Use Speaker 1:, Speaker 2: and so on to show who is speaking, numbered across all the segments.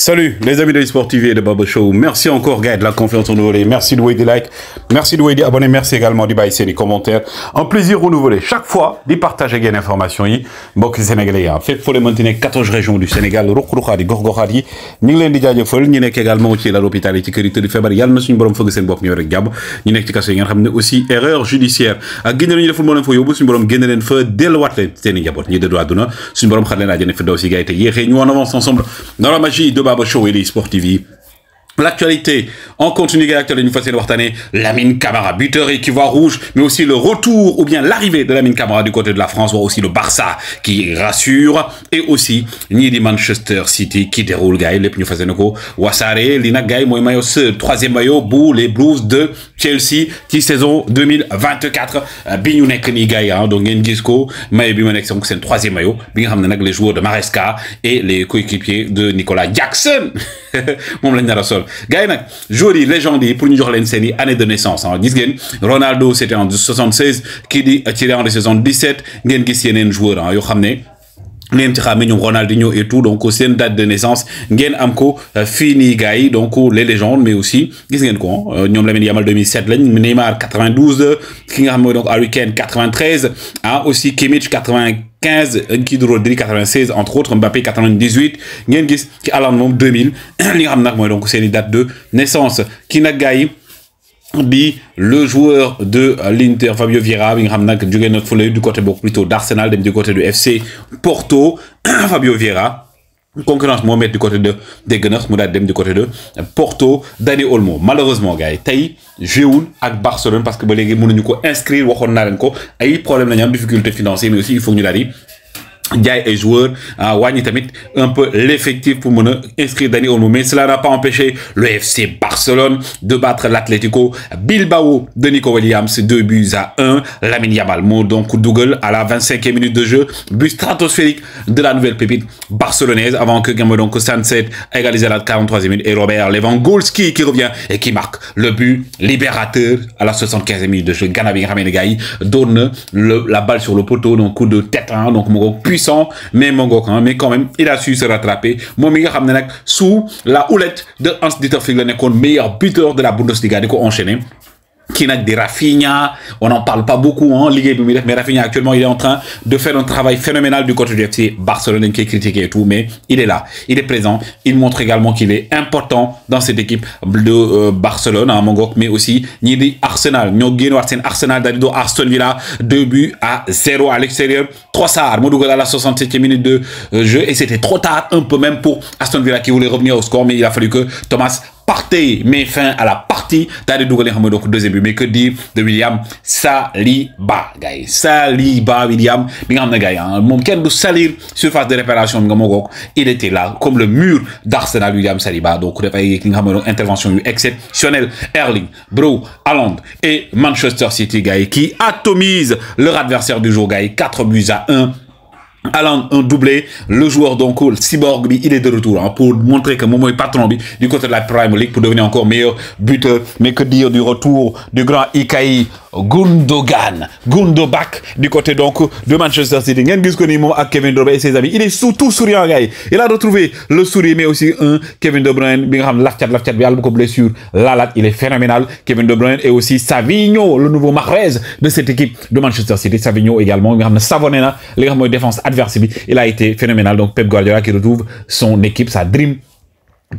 Speaker 1: Salut les amis de eSport TV et de Babo Show. Merci encore Guy de la confiance renouvelée. Merci de des like. Merci de des abonnés. Merci également d'y baisser les commentaires. Un plaisir renouvelé. Chaque fois, d'y partager des informations. Mbokk sénégalais yi ah. fépp foo pour les nekk 14 régions du Sénégal ruq-ruqaat yi gox-goxaat ngi leen di jaajëfal ñu nekk également ci lal hôpital yi ci kër yi tëdd feebar yàlla na suñu borom fëgg seen bopp ñëw rek jàmm ñu nekk ci kaso yi ngeen xam aussi erreur judiciaire ak génne ñu deful moo info. fa yóbbu suñu borom génne leen fa delluwaat leen seen i njaboot ñi dëddu àdduna suñu borom xar leen àjjana fi daw si gars ñu en avance ensemble dans la magie de Baba Show et les Sport TV. L'actualité, en continu galactique une fois c'est la Lamine Camara, buteur et qui voit rouge, mais aussi le retour ou bien l'arrivée de Lamine Camara du côté de la France, voire aussi le Barça qui rassure, et aussi Nidi Manchester City qui déroule Gaël, les Pneufazenoko, Wassare, Lina Gaï, maillot ce troisième maillot, Bou, les Blues de Chelsea, qui saison 2024, Bignounek ni hein, donc Ngisco, Maebi Monek, c'est le troisième maillot, Binghamnanak, les joueurs de Maresca et les coéquipiers de Nicolas Jackson, mon Sol gars joli, légende, pour nous, jox leen année de naissance hein gis Ronaldo c'était en 76 qui dit ci en 1977 ngeen gis yeneen joueurs un hein, yo xamné ne. ngeen ci xàmmee Ronaldo Ronaldinho et tout donc une date de naissance ngeen am ko euh, fini gay donc les légendes mais aussi gis ngeen ko hein, euh, ñom Lamine Yamal 2007 lañ Neymar 92 ki nga donc Harry Kane 93 hein aussi Kimmich 94 15 kii Rodri, 96 entre autres Mbappé 98 ngeen gis ci Haaland 2000 li nga xam nag donc date de naissance Kinagai Bi, le joueur de l'Inter Fabio Vieira bi du côté plutôt d'Arsenal du côté du FC Porto Fabio Vieira concurrence moo mets du côté de dégg na mu daal dem du côté de Porto Dani Olmo malheureusement gars yi tey ak Barcelone parce que ba léegi mënuñu ko inscrire waxoon naa leen ko ay problème la ñu difficulté financière mais aussi il faut ñu daal Diaye est joueur ah, à tamit un peu l'effectif pour inscrire Dani Olmo mais cela n'a pas empêché le FC Barcelone de battre l'Atlético Bilbao de Nico Williams deux buts à un Lamine donc coup donc Google à la 25 e minute de jeu but stratosphérique de la nouvelle pépite barcelonaise avant que Gambo donc Sancet égalise à la 43 e minute et Robert Lewandowski qui revient et qui marque le but libérateur à la 75 e minute de jeu Ganabi donne donne la balle sur le poteau donc coup de tête hein, donc puis mais Mongo, hein mais quand même il a su se rattraper Mon meilleur sous la houlette de Hans Dieter Flick le meilleur buteur de la Bundesliga enchaîné qui n'a des Rafinha, on n'en parle pas beaucoup en hein, Ligue mais Rafinha actuellement il est en train de faire un travail phénoménal du côté du FC Barcelone qui est critiqué et tout, mais il est là, il est présent, il montre également qu'il est important dans cette équipe de euh, Barcelone, à hein, Mongok, mais aussi Nidi Arsenal, Nyogino Arsenal, Arsenal Dalido, Arsenal Villa, 2 buts à 0 à l'extérieur, 3 à la 67e minute de euh, jeu, et c'était trop tard un peu même pour Aston Villa qui voulait revenir au score, mais il a fallu que Thomas Partez, met fin à la partie T'as di dugal deuxième but. mais que dit de William Saliba guys. Saliba William gars hein, surface de réparation il était là comme le mur d'Arsenal William Saliba donc il a intervention exceptionnelle Erling Bro, Haaland et Manchester City guys, qui atomise leur adversaire du jour guys. 4 buts à 1 Alan un doublé le joueur donc cyborg il est de retour hein, pour montrer que Momo est patron du côté de la Prime League pour devenir encore meilleur buteur mais que dire du retour du grand Ikaï Gundogan Gundobak du côté donc de Manchester City ngeen gis ni Kevin De Bruyne et ses amis il est surtout souriant gars il a retrouvé le sourire mais aussi un Kevin De Bruyne il est phénoménal Kevin De Bruyne et aussi Savigno le nouveau Mahrez de cette équipe de Manchester City Savigno également Savonena nga les défense il a été phénoménal donc Pep Guardiola qui retrouve son équipe sa dream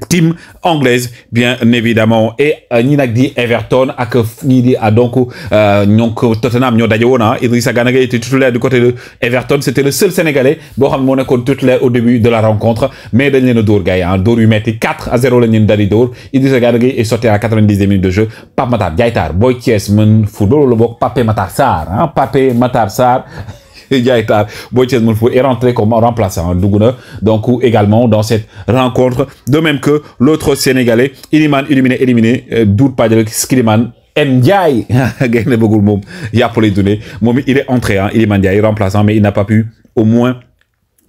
Speaker 1: team anglaise bien évidemment et Nina euh, Everton a que di a ah, donc euh, Tottenham ñoo ah. Idrissa Gana était titulaire du côté de Everton c'était le seul sénégalais Bon, on a moo titulaire au début de la rencontre mais il a dóor gars il ah dóor 4 à 0 le leen Dour. Idrissa Gana est sorti à 90 minute de jeu Pape Matar Gaïtar, Boy Thiès Men, football le Bok, Pape Matar Sarr ah. Pape Ndiaye Tar Boytiès Mounfou est rentré comme remplaçant Dougouna, hein, donc également dans cette rencontre. De même que l'autre Sénégalais, Iliman éliminé, éliminé, euh, Doud Padjelek, Skiliman Ndiaye, il est entré, hein, Iliman Ndiaye remplaçant, mais il n'a pas pu au moins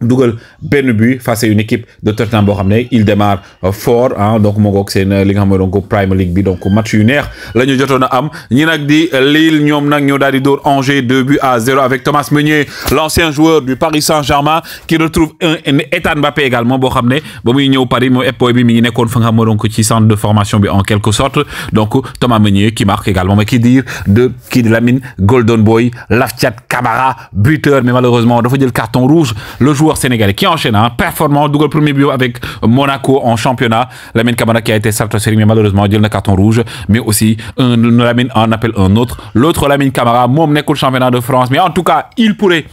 Speaker 1: Google benn face à une équipe de Tottenham bo il démarre euh, fort hein. donc mon ngoog c'est euh, li nga donc Premier League bi donc match yu neex la ñu am ñi nak di Lille ñom nak ñoo Angers 2 buts à 0 avec Thomas Meunier l'ancien joueur du Paris Saint-Germain qui retrouve un Ethan Mbappé également boo xam au ba muy Paris mo époque bi mi ngi nekkoon fa nga donc ci centre de formation bi en quelque sorte donc Thomas Meunier qui marque également mais qui dire de qui Lamine Golden Boy Lafchat Camara buteur mais malheureusement dafa jël carton rouge le joueur sénégalais qui enchaîne, un hein, performant, double premier but avec Monaco en championnat. Lamine Camara qui a été série mais malheureusement, il a le carton rouge, mais aussi un Lamine en appelle un autre. L'autre Lamine Camara, Monaco le championnat de France, mais en tout cas, il pourrait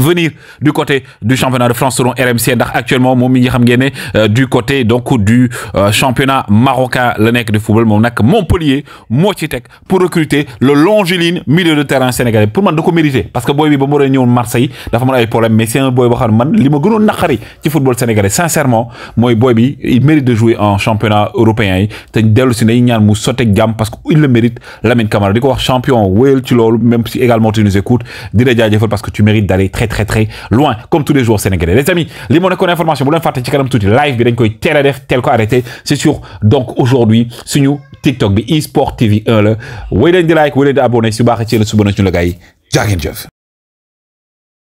Speaker 1: venir du côté du championnat de France selon RMC ndax actuellement moom mi nga xam ngeen euh, du côté donc du euh, championnat marocain le nekk de football moom nag Montpellier mo ci teg pour recruter le longiligne milieu de terrain sénégalais pour man da ko mérité parce que boy bi ba mu war a ñëwoon Marseille dafa mën ay problème mais c'est un boy boo xam man li ma gënoon naqari ci football sénégalais sincèrement moy boy bi il mérite de jouer en championnat européen te dellu si nañ ñaan mu sotteeg gam parce que il le mérite Lamine Camara diko wax champion wéyal ci lolu même si également tu nous écoutes di la parce que tu mérites d'aller très très très loin comme tous les jours sénégalais les amis les monaco nekkoon information bu leen fàtte ci kanam tout live bien que koy télé def arrêté c'est sûr donc aujourd'hui nous TikTok bi eSport TV 1 le. vous de di like wéy de abonner, si vous ci le suba ñu la gars